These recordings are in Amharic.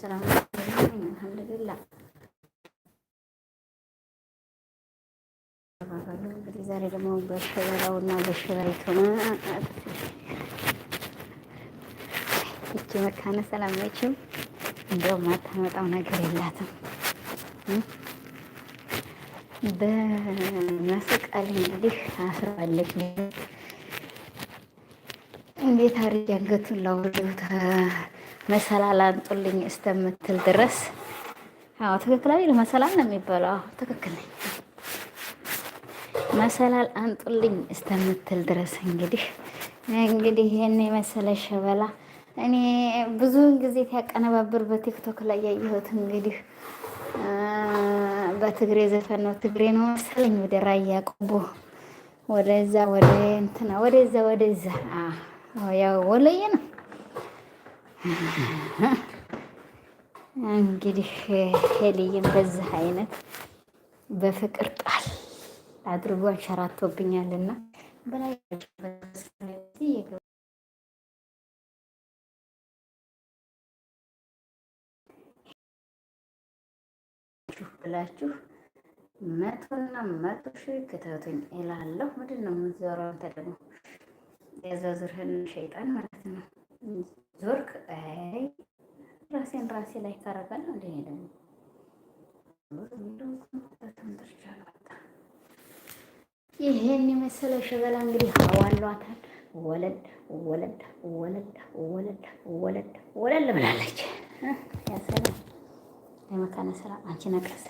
ስራ አልሐምዱሊላህ ተባባሉ። እንግዲህ ዛሬ ደግሞ በሽበራውና በሽበሪቱ እቺ መካነ ሰላም ነችው። እንደውም ማታመጣው ነገር የላትም። በመስቀል እንግዲህ አስራለች። እንዴት አድርጌ አንገቱን ላውሬው መሰላል አንጡልኝ እስከምትል ድረስ አዎ፣ ትክክል መሰላል ነው የሚባለው። አዎ፣ ትክክል ነኝ። መሰላል አንጡልኝ እስከምትል ድረስ እንግዲህ እንግዲህ ይህን የመሰለ ሸበላ እኔ ብዙውን ጊዜ ሲያቀነባብር በቲክቶክ ላይ ያየሁት እንግዲህ በትግሬ ዘፈን ነው። ትግሬ ነው መሰለኝ ወደ ራያ ቆቦ ወደዛ ወደ እንትና ወደዛ ወደዛ ያው ወለየ ነው እንግዲህ ሄልይም በዚህ አይነት በፍቅር ጣል አድርጎ አንሸራቶብኛልና በላይ ብላችሁ መቶና መቶ ሺህ ክተቱኝ እላለሁ። ምንድን ነው የምትዞረው አንተ ደግሞ የዘዝርህን ሸይጣን ማለት ነው። ዞርክ። አይ ራሴን ራሴ ላይ ካረጋል ነው እንደኔ ደግሞ ይሄን የመሰለ ሸበላ እንግዲህ አዋሏታል። ወለድ ወለድ ወለድ ወለድ ወለድ ወለድ ብላለች። ያሰላ የመካነ ስራ አንቺ ነቀስ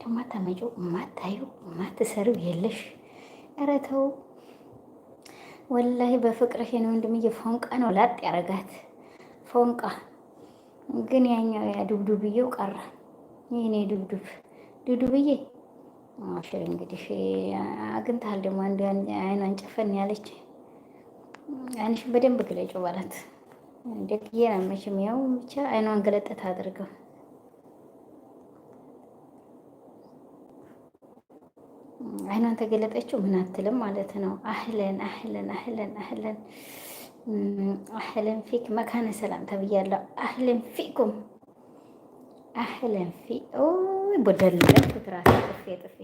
ደግሞ አታመጪው ማታዩ ማትሰሪው የለሽ ኧረ ተው ወላሂ በፍቅርሽ ነው ወንድምዬ። ፎንቃ ነው ላጥ ያረጋት ፎንቃ። ግን ያኛው ያ ዱብዱብዬው ቀረ። ይህኔ ዱብዱብ ዱብዱብዬ አሽር እንግዲህ አግኝተሃል። ደግሞ አንድ አይኗን ጨፈን ያለች አይንሽ በደንብ ግለጭ ባላት ደግዬ ነው ያው ብቻ አይኗን ገለጠት አድርገው አይኗን ተገለጠችው ምን አትልም ማለት ነው። አህለን አህለን አህለን አህለን አህለን ፊክ መካነ ሰላም ተብያለሁ። አህለን ፊኩም አህለን ፊ ቦደለት ትራስ ጥፌ ጥፌ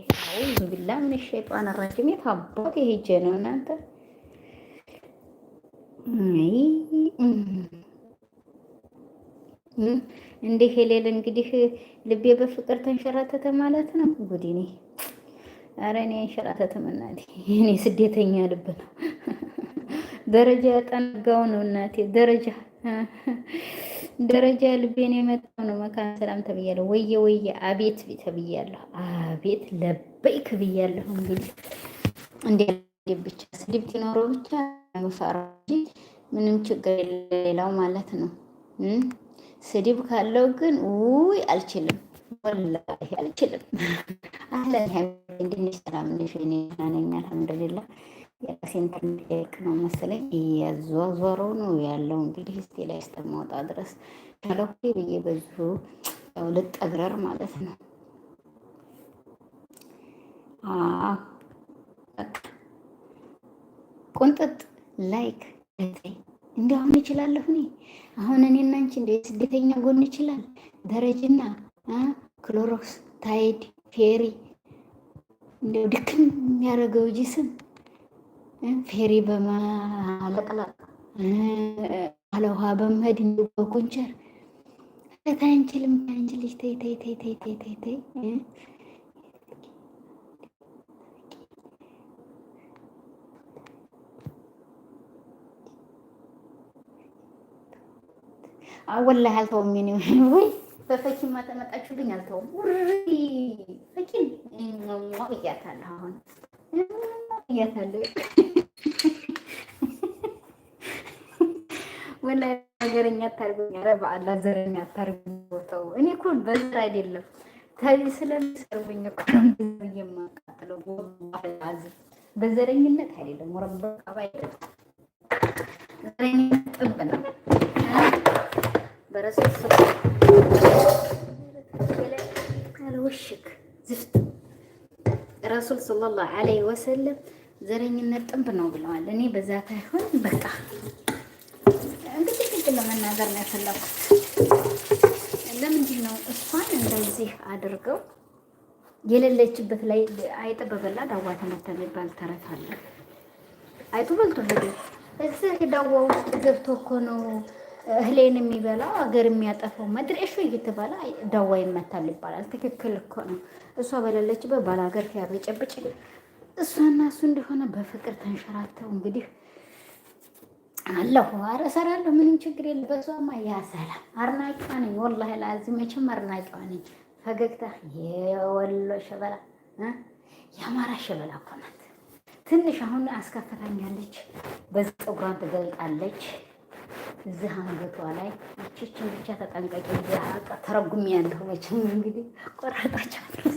ብላ ምን ሸይጣን ረጅም የታቦት የሄጀ ነው እናንተ እንዲህ ሄሌል እንግዲህ ልቤ በፍቅር ተንሸራተተ ማለት ነው ጉዲኔ አረ እኔ አንሸራተትም እናቴ፣ እኔ ስደተኛ ልብ ነው ደረጃ ያጠነጋው ነው እናቴ ደረጃ ደረጃ ልቤን የመጣው ነው። መካነ ሰላም ተብያለሁ። ወየ ወየ አቤት ተብያለሁ። አቤት ለበይክ ብያለሁ። እንግዲህ እንደ ብቻ ስድብ ኖረው ብቻ ፈራ እንጂ ምንም ችግር የሌላው ማለት ነው። ስድብ ካለው ግን ውይ አልችልም ወላሂ አልችልም። አህለን እንድንሽ ሰላም ነሽ? እኔ ደህና ነኝ አልሐምዱሊላህ። የራሴ ኢንተርኔት ነው መሰለኝ እያዟዟሮ ነው ያለው። እንግዲህ እስቲ ላይ እስከማወጣ ድረስ ካለሁ ብዬ በዚሁ ያው ልጠግረር ማለት ነው። ቁንጥጥ ላይክ ገጤ አሁን ይችላለሁ። እኔ አሁን እኔ እና እንደ ስደተኛ ጎን ይችላል ደረጅና ክሎሮክስ፣ ታይድ፣ ፌሪ እንደው ድክም የሚያደርገው ስም ፌሪ በማለቅለቅ አለ በመሄድ እንደው በኩንቸር ታይ አንችልም፣ ተይ ተይ ተይ ተይ ተይ ተይ ተይ አልተውም ወይ በፈኪማ ተመጣችሁልኝ አልተውም። ውሪ ፈኪን እያታለሁ አሁን እያታለሁ ወላ ነገረኛ አታርጉኝ። ኧረ በአላህ ዘረኛ አታርጉኝ። ቦታው እኔ እኮ በዘር አይደለም ከዚህ ስለሚሰርቡኝ እኮ የማቃጥለው በዘረኝነት አይደለም። ወረበቃባ አይደለም። ዘረኝነት ጥብ ነው። በረሱል ሰለላሁ ዐለይሂ ወሰለም ዘረኝነት ጥንብ ነው ብለዋል። እኔ በዛ ታይሆን በቃ እንግዲህ ግድ ለመናገር ነው የፈለኩት። ለምንድን ነው እሷን እንደዚህ አድርገው የሌለችበት ላይ አይጥ በበላ ዳዋ ተመታ የሚባል ተረት አለ። አይጡ በልቶ ሄደ። እዚህ ዳዋ ውስጥ ገብቶ እኮ ነው እህሌን የሚበላ ሀገር የሚያጠፋው መድረሾ እየተባለ ደዋ ይመታል ይባላል። ትክክል እኮ ነው። እሷ በሌለችበት ባል ሀገር ሲያበጨብጭ እሷና እሱ እንደሆነ በፍቅር ተንሸራተው እንግዲህ አለሁ ኧረ እሰራለሁ ምንም ችግር የለ። በሷማ ያ አርናቂዋ አድናቂዋ ነኝ። ወላ ላዚ መቼም አድናቂዋ ነኝ። ፈገግታ የወሎ ሸበላ የአማራ ሸበላ እኮ ናት። ትንሽ አሁን አስከፍታኛለች። በፀጉሯን ትገልጣለች። እዚህ አንገቷ ላይ ይቺችን ብቻ ተጠንቀቂ። ተረጉም ያለሁ መቼም እንግዲህ ቆራጣችኋለሁ።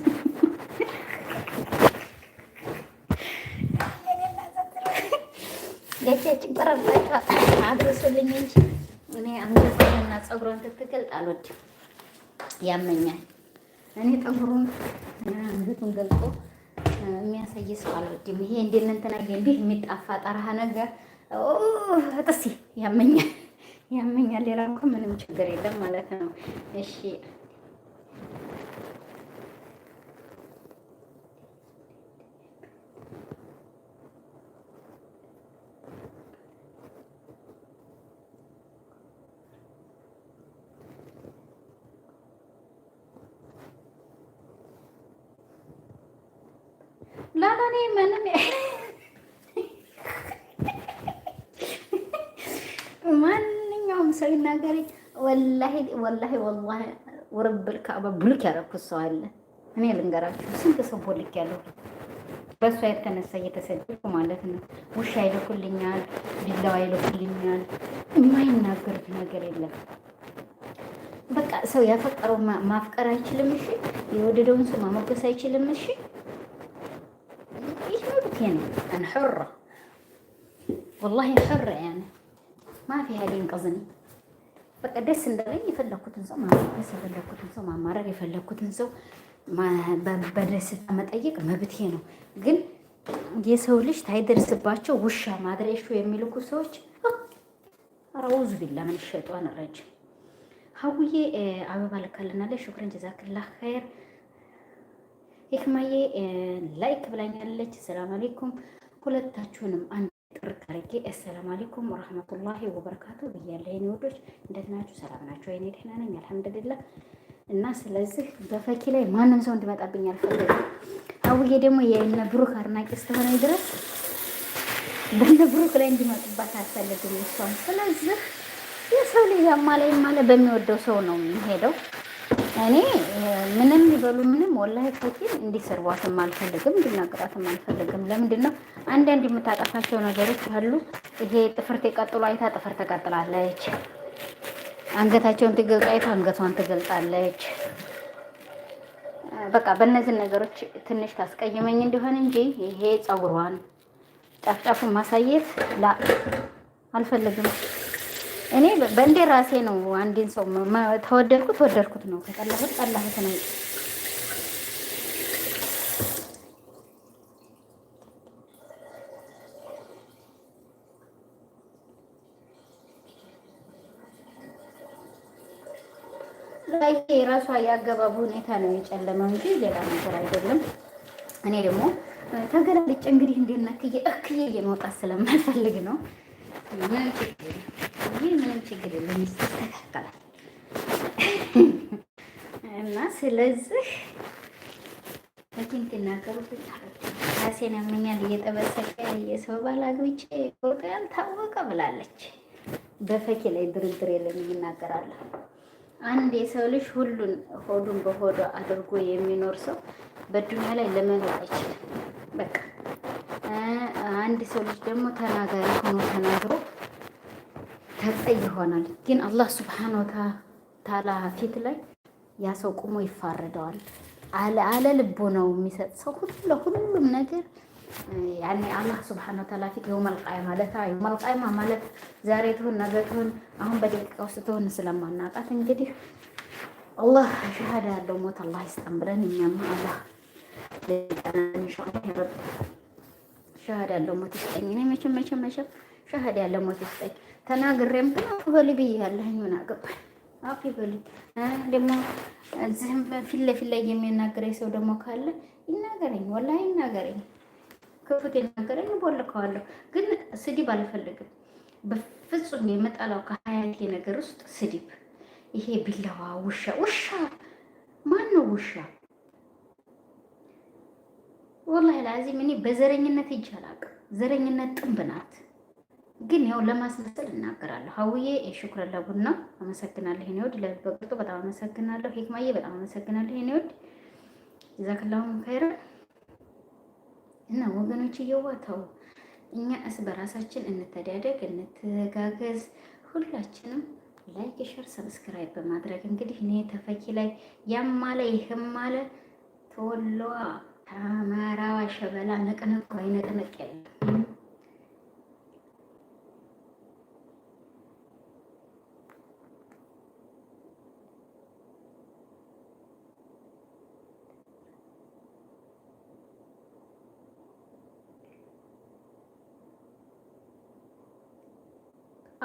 ያቺያችን ቆራጣችኋል አድርሱልኝ እንጂ እኔ አንገቷንና ፀጉሯን ትትገልጥ አልወድም፣ ያመኛል። እኔ ጠጉሩን አንገቱን ገልጦ የሚያሳይ ሰው አልወድም። ይሄ እንደነንተና እንዲህ የሚጣፋ ጠራህ ነገር ጥሲ ያመኛል። ያመኛል። ሌላ እኮ ምንም ችግር የለም ማለት ነው። እሺ ላላኔ ምንም ብትናገሪ ወላሂ ወላሂ ወላሂ ውርብል ከአባ ብሉክ ያደረኩት ሰው አለ። እኔ ልንገራችሁ ስንት ሰው ቦልክ ያለው በእሷ የተነሳ እየተሰደድኩ ማለት ነው። ውሻ ይልኩልኛል፣ ቢላዋ ይልኩልኛል። የማይናገሩት ነገር የለም። በቃ ሰው ያፈቀረው ማፍቀር አይችልም። እሺ የወደደውን ሰው ማሞገስ አይችልም። እሺ ይህ መብቴ ነው። አን ሑራ ወላሂ ሑራ ያነ ማፊ ሀዲን ቀዝኒ በቃ ደስ እንደለኝ የፈለግኩትን ሰው ማማረስ የፈለግኩትን ሰው ማማረር የፈለግኩትን ሰው በደስታ መጠየቅ መብቴ ነው። ግን የሰው ልጅ ታይደርስባቸው ውሻ ማድረሹ የሚልኩ ሰዎች ረውዙ ቢላ ምን ሸጧን ረጅ ሀውዬ አበባ ልካልናለች። ሹክረን ጀዛክላ ኸይር ህክማዬ ላይክ ብላኛለች። ሰላም አሌይኩም ሁለታችሁንም አንድ ጥርት አድርጌ አሰላሙ አለይኩም ወረህመቱላሂ ወበረካቱ ብያለሁ። የኔ ወዶች እንዴት ናችሁ? ሰላም ናችሁ? እኔ ደህና ነኝ አልሐምዱሊላህ። እና ስለዚህ በፈኪ ላይ ማንም ሰው እንዲመጣብኝ አልፈልግም። አውዬ ደግሞ የእነ ብሩክ አድናቂ እስከሆነ ድረስ በእነ ብሩክ ላይ እንዲመጡባት አልፈልግም እሷም። ስለዚህ የሰው ልጅ ያማላይ ማለ በሚወደው ሰው ነው የሚሄደው። እኔ ምንም ይበሉ ምንም ወላሂ ፎቲን እንዲሰርቧትም አልፈልግም፣ እንዲናገራትም አልፈልግም። ለምንድን ነው አንዳንድ የምታጠፋቸው ነገሮች አሉ። ይሄ ጥፍር ተቀጥሎ አይታ ጥፍር ተቀጥላለች፣ አንገታቸውን ትገልጣ አይታ አንገቷን ትገልጣለች። በቃ በእነዚህ ነገሮች ትንሽ ታስቀይመኝ እንደሆነ እንጂ ይሄ ፀጉሯን ጫፍጫፉን ማሳየት ላ አልፈልግም። እኔ በእንዴ ራሴ ነው አንድን ሰው ተወደድኩት ወደድኩት ነው፣ ከጠላሁት ጠላሁት ነው። የራሷ የአገባቡ ሁኔታ ነው የጨለመው እንጂ ሌላ ነገር አይደለም። እኔ ደግሞ ተገላልጬ እንግዲህ እንዴት እክዬ እየመውጣት ስለማልፈልግ ነው። ችግር የለም ይስተካከላል። እና ስለዚህ በኪንት እናገሩት ራሴን ያመኛል እየተበሰቀ የሰው ባል አግብቼ ፎቶ ያልታወቀ ብላለች። በፈኪ ላይ ድርድር የለም ይናገራል። አንድ የሰው ልጅ ሁሉን ሆዱን በሆዶ አድርጎ የሚኖር ሰው በዱኒያ ላይ ለመኖር አይችልም። በቃ አንድ ሰው ልጅ ደግሞ ተናጋሪ ሆኖ ተናግሮ ተጠይ ይሆናል። ግን አላህ ስብሓነሁ ተዓላ ፊት ላይ ያ ሰው ቁሞ ይፋረደዋል። አለ ልቦ ነው የሚሰጥ ሰው ሁሉ ለሁሉም ነገር ያኔ አላህ ስብሓነሁ ተዓላ ፊት የውመል ቂያማ ለታ የውመል ቂያማ ማለት ዛሬ ትሁን ነገ ትሁን አሁን በደቂቃ ውስጥ ትሁን ስለማናውቃት እንግዲህ አላህ ሸሃዳ ያለው ሞት አላህ ይስጠን ብለን እኛም አላህ ሸሃዳ ያለው ሞት ይስጠኝ። እኔ መቼም መቼም መቼም ሸሃዳ ያለው ሞት ይስጠኝ። ተናግሬም ብ በል ብያለሁኝ። ምን አገባኝ አፍ ይበል። ደግሞ እዚህም ፊት ለፊት ላይ የሚናገረኝ ሰው ደግሞ ካለ ይናገረኝ፣ ወላሂ ይናገረኝ። ክፉት ይናገረኝ፣ ቦልከዋለሁ። ግን ስድብ አልፈልግም በፍጹም። የመጣላው ከሀያቴ ነገር ውስጥ ስድብ ይሄ ቢላዋ፣ ውሻ ውሻ ማን ነው ውሻ? ወላሂ ላዚም እኔ በዘረኝነት ይቻላል። ዘረኝነት ጥንብ ናት። ግን ያው ለማስመሰል እናገራለሁ። ሀውዬ የሽኩረላ ቡና አመሰግናለሁ። ይሄን ለበቅጡ በጣም አመሰግናለሁ። ሄክማዬ በጣም አመሰግናለሁ። ይሄን ይወድ ከይረ እና ወገኖች እየዋተው እኛ እስ በራሳችን እንተዳደግ፣ እንተጋገዝ። ሁላችንም ላይክ፣ ሸር፣ ሰብስክራይብ በማድረግ እንግዲህ እኔ ተፈኪ ላይ ያማለ ይህማለ ይህም አለ ተወሏ ተመራዋ ሸበላ ነቅነቅ ወይ ነቅነቅ የለም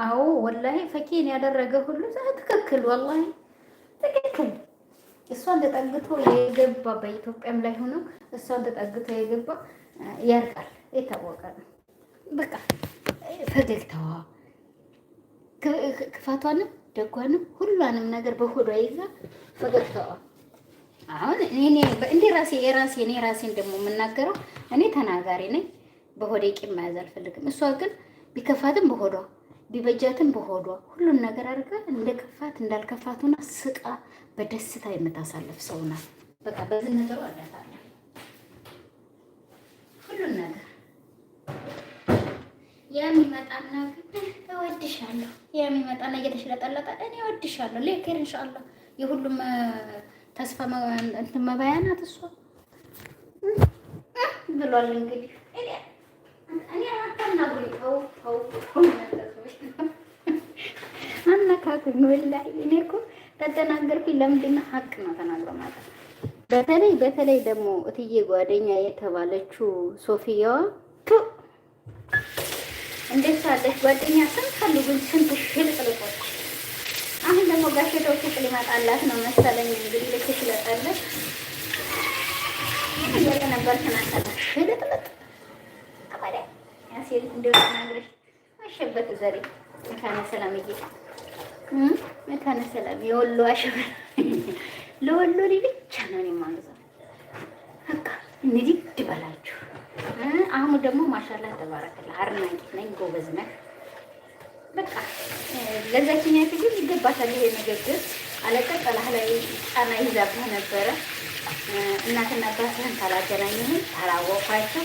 አዎ ወላሂ ፈኪን ያደረገ ሁሉ ትክክል፣ ወላሂ ትክክል። እሷን ተጠግቶ የገባ በኢትዮጵያም ላይ ሆኖ እሷን ተጠግቶ የገባ ያርቃል፣ የታወቀ ነው። በቃ ፈገግታዋ ክፋቷንም ደጓንም ሁሏንም ነገር በሆዷ ይዛ ፈገግታዋ አሁን እኔ እንደ ራሴ የራሴ እኔ ራሴን ደግሞ የምናገረው እኔ ተናጋሪ ነኝ። በሆዴ ቂም መያዝ አልፈልግም። እሷ ግን ቢከፋትም በሆዷ ቢበጃትን በሆዷ ሁሉን ነገር አድርጋ እንደ ከፋት እንዳልከፋት ስቃ በደስታ የምታሳልፍ ሰው ናት። በቃ በዚህ ነገሩ አዳታለሁ ሁሉን ነገር የሚመጣና ግን እወድሻለሁ የሚመጣና እየተሽለጠለጠ እኔ እወድሻለሁ ሌክር እንሻአላ የሁሉም ተስፋ እንትን መባያ ናት እሷ ብሏል። እንግዲህ እኔ እኔ አታናግሪ ተው ተው አነካኩኝ። ወላሂ እኔ እኮ ተደናገርኩኝ። ለምንድን ነው ሀቅ ነው ተናግሮ ማለት በተለይ በተለይ ደግሞ እትዬ ጓደኛ የተባለችው ሶፊያዋ እንዴት ሳለች ጓደኛ ስንት ፈልጉኝ ስንት ሽልጥልቆች። አሁን ደግሞ ጋሼ ተውፊቅ ሊመጣላት ነው መሰለኝ እንግዲህ ልትሽለጠለች እያለ ነበር ትናንትና ሽልጥልጥ አባዳ ያሴል እንደሆነ ነግረሽ አሸበት ዘሬ መካነ ሰላም እየ መካነ ሰላም የወሎ አሸበት ለወሎ ብቻ ነው የማንገዛው። በቃ እንዲህ ድበላችሁ። አሁን ደግሞ ማሻላ ተባረከላ አርናቂ ነኝ ጎበዝ ነህ። በቃ ለዛችን ያህል ይገባታል። ይሄ ንግግር አለቀጠላህ ላይ ጫና ይዛብህ ነበረ። እናትና አባትህን ካላገናኘህን ካላወኳቸው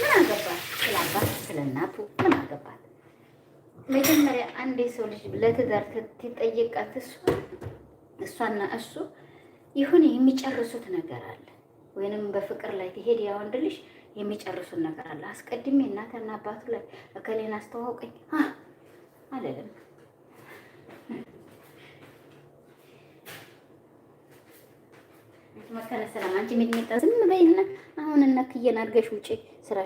ምን አገባህ? ስለ አባት ስለ እናቱ ምን አገባት? መጀመሪያ አንድ ሰው ልጅ ለትዳር ትጠይቃት እሷ እሷና እሱ ይሁን የሚጨርሱት ነገር አለ፣ ወይንም በፍቅር ላይ ትሄድ ያ ወንድ ልጅ የሚጨርሱት ነገር አለ። አስቀድሜ እናትና አባቱ ላይ እከሌን አስተዋውቀኝ አለለም። መከነ ሰላም አንቺ ዝም በይና አሁን እነ ክየን ውጪ ስራሽ